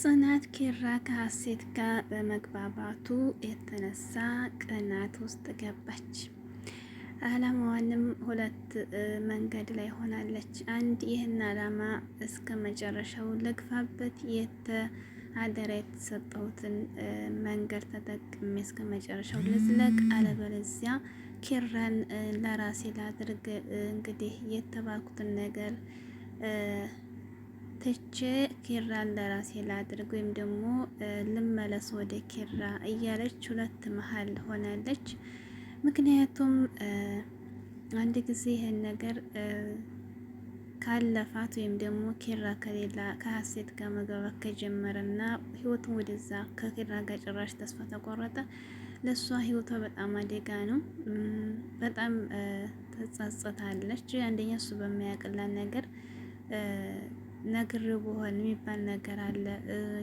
ጽናት ኪራ ከሀሴት ጋር በመግባባቱ የተነሳ ቅናት ውስጥ ገባች። አላማዋንም ሁለት መንገድ ላይ ሆናለች። አንድ ይህን አላማ እስከ መጨረሻው ልግፋበት የተ አደራ የተሰጠሁትን መንገድ ተጠቅሜ እስከ መጨረሻው ልዝለቅ፣ አለበለዚያ ኪራን ለራሴ ላድርግ እንግዲህ የተባልኩትን ነገር ትቼ ኪራን ለራሴ ላድርግ ወይም ደግሞ ልመለስ ወደ ኪራ እያለች ሁለት መሀል ሆናለች። ምክንያቱም አንድ ጊዜ ይህን ነገር ካለፋት ወይም ደግሞ ኪራ ከሌላ ከሀሴት ጋር መግባባት ከጀመረና ህይወቱን ወደዛ ከኪራ ጋር ጭራሽ ተስፋ ተቆረጠ፣ ለእሷ ህይወቷ በጣም አደጋ ነው። በጣም ተጸጽታለች። አንደኛ እሱ በማያቅላ ነገር ነግር በሆን የሚባል ነገር አለ።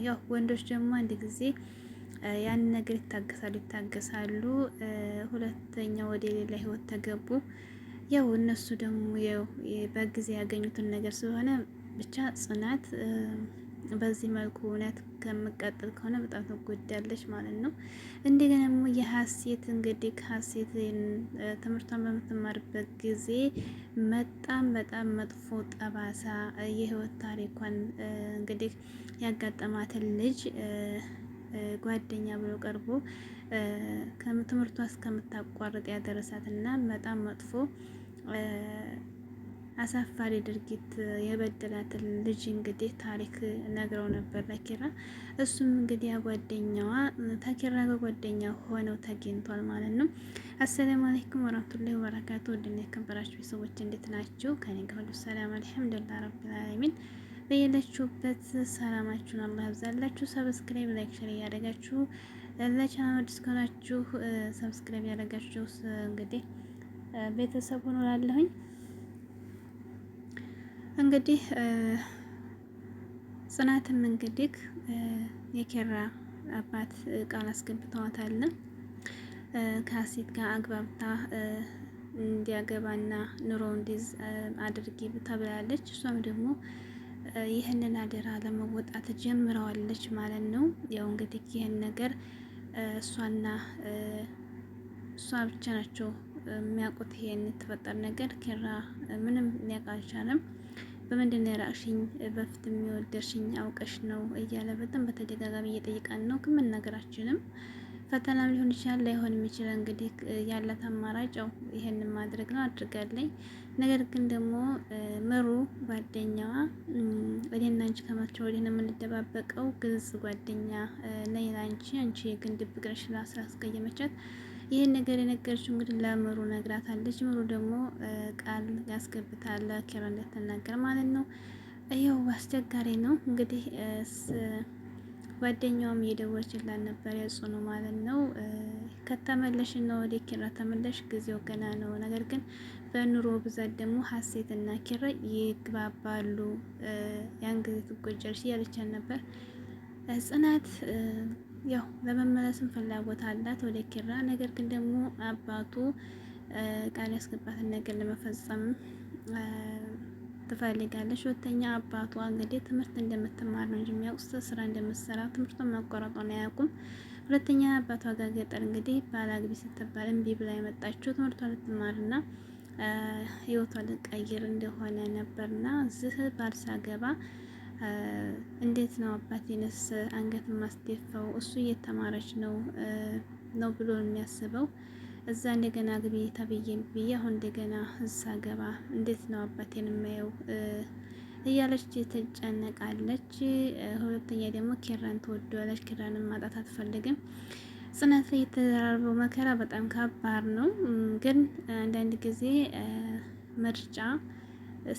ያው ወንዶች ደግሞ አንድ ጊዜ ያንን ነገር ይታገሳሉ ይታገሳሉ። ሁለተኛ ወደ ሌላ ህይወት ተገቡ። ያው እነሱ ደግሞ ያው በጊዜ ያገኙትን ነገር ስለሆነ ብቻ ጽናት በዚህ መልኩ እውነት ከምቀጥል ከሆነ በጣም ትጎዳለች ማለት ነው። እንደገና ደግሞ የሀሴት እንግዲህ ከሀሴት ትምህርቷን በምትማርበት ጊዜ በጣም በጣም መጥፎ ጠባሳ የህይወት ታሪኳን እንግዲህ ያጋጠማትን ልጅ ጓደኛ ብሎ ቀርቦ ትምህርቷ እስከምታቋርጥ ያደረሳት እና በጣም መጥፎ አሳፋሪ ድርጊት የበደላትን ልጅ እንግዲህ ታሪክ ነግረው ነበር ለኪራ። እሱም እንግዲህ ጓደኛዋ ተኪራ ጋር ጓደኛ ሆነው ተገኝቷል ማለት ነው። አሰላሙ አለይኩም ወራህመቱላሂ ወበረካቱ። ወድና የከበራችሁ ሰዎች እንዴት ናችሁ? ከኔ ጋር ሁሉ ሰላም አልሐምዱሊላህ ረቢል ዓለሚን። በየለችሁበት ሰላማችሁን አላህ ያብዛላችሁ። ሰብስክራይብ፣ ላይክ፣ ሼር እያደረጋችሁ ለቻናሉ አዲስ ከሆናችሁ ሰብስክራይብ እያደረጋችሁ እንግዲህ ቤተሰብ ሆኖላለሁኝ እንግዲህ ጽናትም እንግዲህ የኬራ አባት ቃል አስገብተዋታልን ከሀሴት ጋር አግባብታ እንዲያገባና ኑሮ እንዲዝ አድርጊ ተብላለች። እሷም ደግሞ ይህንን አደራ ለመወጣት ጀምረዋለች ማለት ነው። ያው እንግዲህ ይህን ነገር እሷና እሷ ብቻ ናቸው የሚያውቁት ይሄን የተፈጠረ ነገር ኬራ ምንም ሊያውቅ አልቻለም። በምንድን ነው የራቅሽኝ? በፊት የሚወደርሽኝ አውቀሽ ነው እያለ በጣም በተደጋጋሚ እየጠይቃን ነው። ግን ነገራችንም ፈተናም ሊሆን ይችላል ላይሆን ይችላል። እንግዲህ ያላት አማራጭ ያው ይህን ማድረግ ነው አድርጋለኝ። ነገር ግን ደግሞ ምሩ ጓደኛዋ ወደና አንቺ ከማቸው ወደ የምንደባበቀው ግልጽ ጓደኛ ነኝ ላንቺ አንቺ ግን ድብቅነሽ ስላስቀየመቻት ይህን ነገር የነገረችው እንግዲህ ለምሩ ነግራታለች። ምሩ ደግሞ ቃል ያስገብታል ለኪራ እንደተናገር ማለት ነው። ይኸው አስቸጋሪ ነው እንግዲህ ጓደኛውም እየደወለችላት ነበር ያጽኑ ማለት ነው። ከተመለሽ ነው ወደ ኪራ ተመለሽ፣ ጊዜው ገና ነው። ነገር ግን በኑሮ ብዛት ደግሞ ሀሴት ሀሴትና ኪራ ይግባባሉ፣ ያን ጊዜ ትጎጃለሽ እያለቻት ነበር ጽናት ያው ለመመለስም ፍላጎት አላት ወደ ኪራ። ነገር ግን ደግሞ አባቱ ቃል ያስገባትን ነገር ለመፈጸም ትፈልጋለች። ሁለተኛ አባቷ እንግዲህ ትምህርት እንደምትማር ነው እንጂ የሚያውቁት ስራ እንደምትሰራ ትምህርቷን ማቋረጧን አያውቁም። ሁለተኛ አባቷ ጋር ገጠር እንግዲህ ባላግቢ ስትባል እምቢ ብላ የመጣችው ትምህርቷን ልትማርና ህይወቷ ልትቀይር እንደሆነ ነበርና እዚህ ባልሳ ገባ እንዴት ነው አባቴንስ አንገት ማስደፋው? እሱ እየተማረች ነው ነው ብሎ የሚያስበው እዛ እንደገና ግቢ ተብዬን ብዬ አሁን እንደገና እዛ ገባ እንዴት ነው አባቴን የማየው እያለች ትጨነቃለች። ሁለተኛ ደግሞ ኪራን ትወደዋለች። ኪራንን ማጣት አትፈልግም። ጽናት ላይ የተደራረበው መከራ በጣም ከባድ ነው። ግን አንዳንድ ጊዜ ምርጫ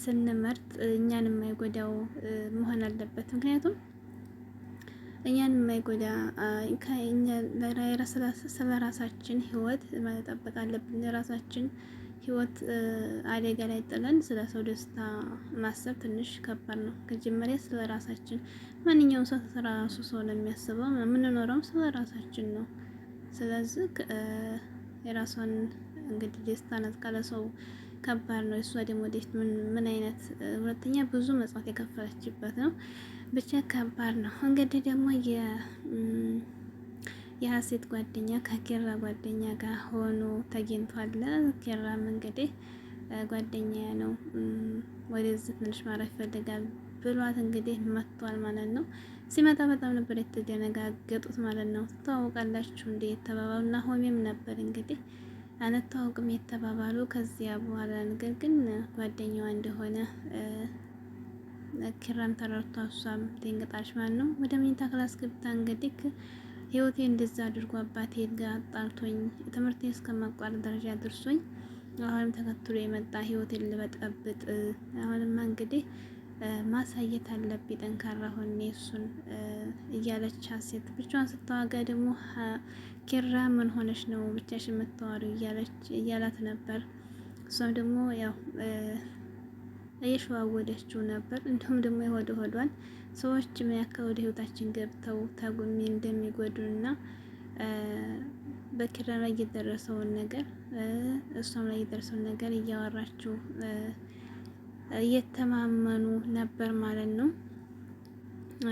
ስንመርጥ እኛን የማይጎዳው መሆን አለበት። ምክንያቱም እኛን የማይጎዳ ስለ ራሳችን ህይወት መጠበቅ አለብን። የራሳችን ህይወት አደጋ ላይ ጥለን ስለ ሰው ደስታ ማሰብ ትንሽ ከባድ ነው። ከጀመሪያ ስለ ራሳችን ማንኛውም ሰው ስለ ራሱ ሰው ነው የሚያስበው። የምንኖረውም ስለ ራሳችን ነው። ስለዚህ የራሷን እንግዲህ ደስታ ነጥቃ ለሰው ከባድ ነው። እሷ ደግሞ ወዴት ምን አይነት ሁለተኛ ብዙ መጽዋት የከፈለችበት ነው። ብቻ ከባድ ነው። እንግዲህ ደግሞ የሀሴት ጓደኛ ከኬራ ጓደኛ ጋር ሆኖ ተገኝቷል። ኬራም እንግዲህ ጓደኛ ነው ወደዚህ ትንሽ ማረፍ ይፈልጋል ብሏት እንግዲህ መጥቷል ማለት ነው። ሲመጣ በጣም ነበር የተደነጋገጡት ማለት ነው። ትተዋወቃላችሁ እንዴ የተባባሉ ሆሜም ነበር እንግዲህ አንተዋውቅም የተባባሉ ከዚያ በኋላ ነገር ግን ጓደኛዋ እንደሆነ ኪራም ተረርቷ እሷም ደንግጣሽ ማለት ነው። ወደ መኝታ ክላስ ገብታ እንግዲህ ህይወቴ እንደዛ አድርጎ አባቴ ጋር ጣልቶኝ ትምህርቴ እስከማቋረጥ ደረጃ ደርሶኝ አሁንም ተከትሎ የመጣ ህይወቴን ልበጠብጥ አሁንማ እንግዲህ ማሳየት አለብኝ ጠንካራ ሆኜ እሱን እያለች ሀሴት ብቻዋን ስታዋጋ ደግሞ ኪራ ምን ሆነች ነው ብቻሽ የምታዋሪው እያለች እያላት ነበር። እሷም ደግሞ ያው እየሸዋወደችው ነበር። እንዲሁም ደግሞ የሆደ ሆዷን ሰዎች ምን ያክል ወደ ህይወታችን ገብተው ታጉሜ እንደሚጎዱና በኪራ ላይ የደረሰውን ነገር እሷም ላይ የደረሰውን ነገር እያወራችው እየተማመኑ ነበር ማለት ነው።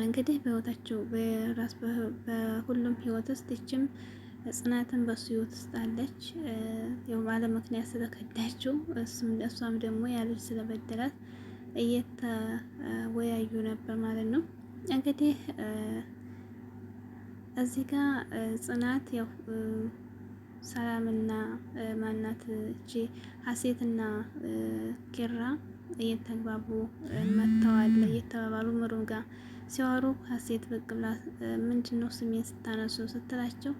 እንግዲህ በህይወታቸው በራስ በሁሉም ህይወት ውስጥ ይችም ጽናትን በሱ ህይወት ውስጥ አለች። ያው ባለ ምክንያት ስለከዳችው እሷም ደግሞ ያለች ስለበደላት እየተወያዩ ነበር ማለት ነው። እንግዲህ እዚህ ጋር ጽናት ያው ሰላምና ማናት እቺ ሀሴትና ኪራ እየተግባቡ መጥተዋል። እየተባባሉ ምሩም ጋር ሲዋሩ ሀሴት ብቅ ብላ ምንድን ነው ስሜን ስታነሱ ስትላቸው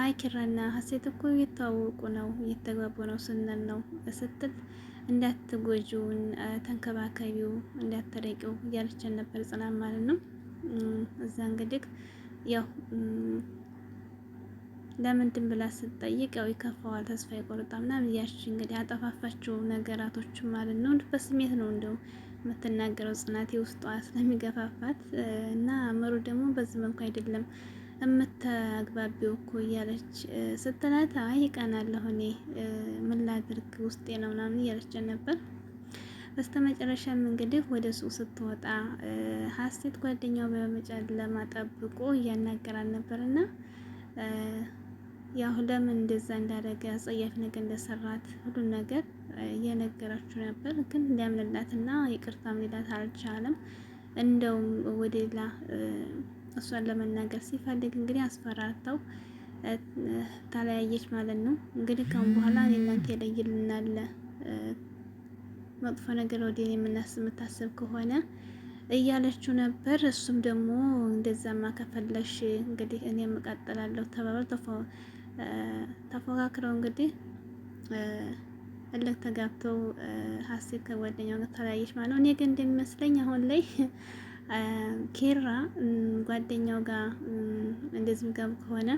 አይ ኪራና ሀሴት እኮ እየተዋወቁ ነው እየተግባቡ ነው ስንል ነው ስትል እንዳትጎጁ ተንከባከቢው እንዳትረቂው እያለችን ነበር ጽናት ማለት ነው። እዛ እንግዲህ ያው ለምንድን ብላ ስትጠይቀው ይከፋዋል፣ ተስፋ ይቆርጣል ምናምን እያልሽ እንግዲህ አጠፋፋችው ነገራቶች ማለት ነው። በስሜት ነው እንደው የምትናገረው ጽናቴ ውስጧ ስለሚገፋፋት እና ምሩ ደግሞ በዚህ መልኩ አይደለም የምታግባቢው እኮ እያለች ስትላት አይ እቀናለሁ እኔ ምን ላድርግ ውስጤ ነው ምናምን እያለች ነበር። በስተመጨረሻም እንግዲህ ወደ ሱቅ ስትወጣ ሀሴት ጓደኛው በመጨለማ ጠብቆ እያናገራል ነበርና ያው ለምን እንደዛ እንዳደረገ አጸያፊ ነገር እንደሰራት ሁሉን ነገር እየነገራችሁ ነበር፣ ግን ሊያምንላትና ይቅርታም ሊላት አልቻለም። እንደውም ወደ ሌላ እሷን ለመናገር ሲፈልግ እንግዲህ አስፈራርተው ተለያየች ማለት ነው። እንግዲህ ካሁን በኋላ እናንተ የለይልናለ መጥፎ ነገር ወደ እኔ የምታስብ ከሆነ እያለችው ነበር። እሱም ደግሞ እንደዛማ ከፈለሽ እንግዲህ እኔ እቀጥላለሁ ተባብለው ተፎካክረው እንግዲህ እልክ ተጋብተው ሀሴት ከጓደኛው ጋር ተለያየች ማለት ነው። እኔ ግን እንደሚመስለኝ አሁን ላይ ኬራ ጓደኛው ጋር እንደዚህ ጋር ከሆነ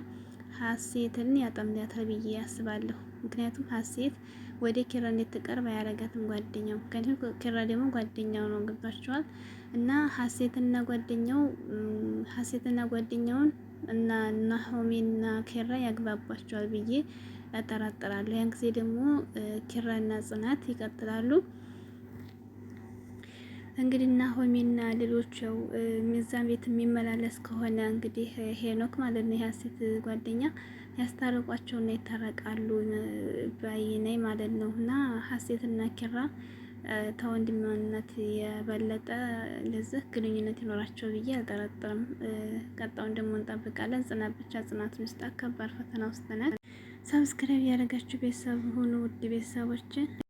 ሀሴትን ያጠምዳታል ብዬ ያስባለሁ። ምክንያቱም ሀሴት ወደ ኬራ እንድትቀርብ አያረጋትም ጓደኛው። ምክንያቱም ኬራ ደግሞ ጓደኛው ነው፣ ገብቷቸዋል። እና ሀሴትና ጓደኛው ሀሴትና ጓደኛውን እና ናሆሜና ኪራ ያግባባቸዋል ብዬ እጠራጠራለሁ። ያን ጊዜ ደግሞ ኪራና ጽናት ይቀጥላሉ። እንግዲህ ናሆሜና ሌሎች ያው ሚዛን ቤት የሚመላለስ ከሆነ እንግዲህ ሄኖክ ማለት ነው የሀሴት ጓደኛ ያስታርቋቸውና ይታረቃሉ ባይ ነኝ ማለት ነው እና ሀሴትና ኪራ ተወንድማነት የበለጠ ለዚህ ግንኙነት ይኖራቸው ብዬ አልጠረጥርም። ቀጣውን ደግሞ እንጠብቃለን። ጽናት ብቻ ጽናት ውስጥ ከባድ ፈተና ውስጥ ነን። ሰብስክራይብ ያደረጋችሁ ቤተሰብ ሁኑ። ውድ ቤተሰቦች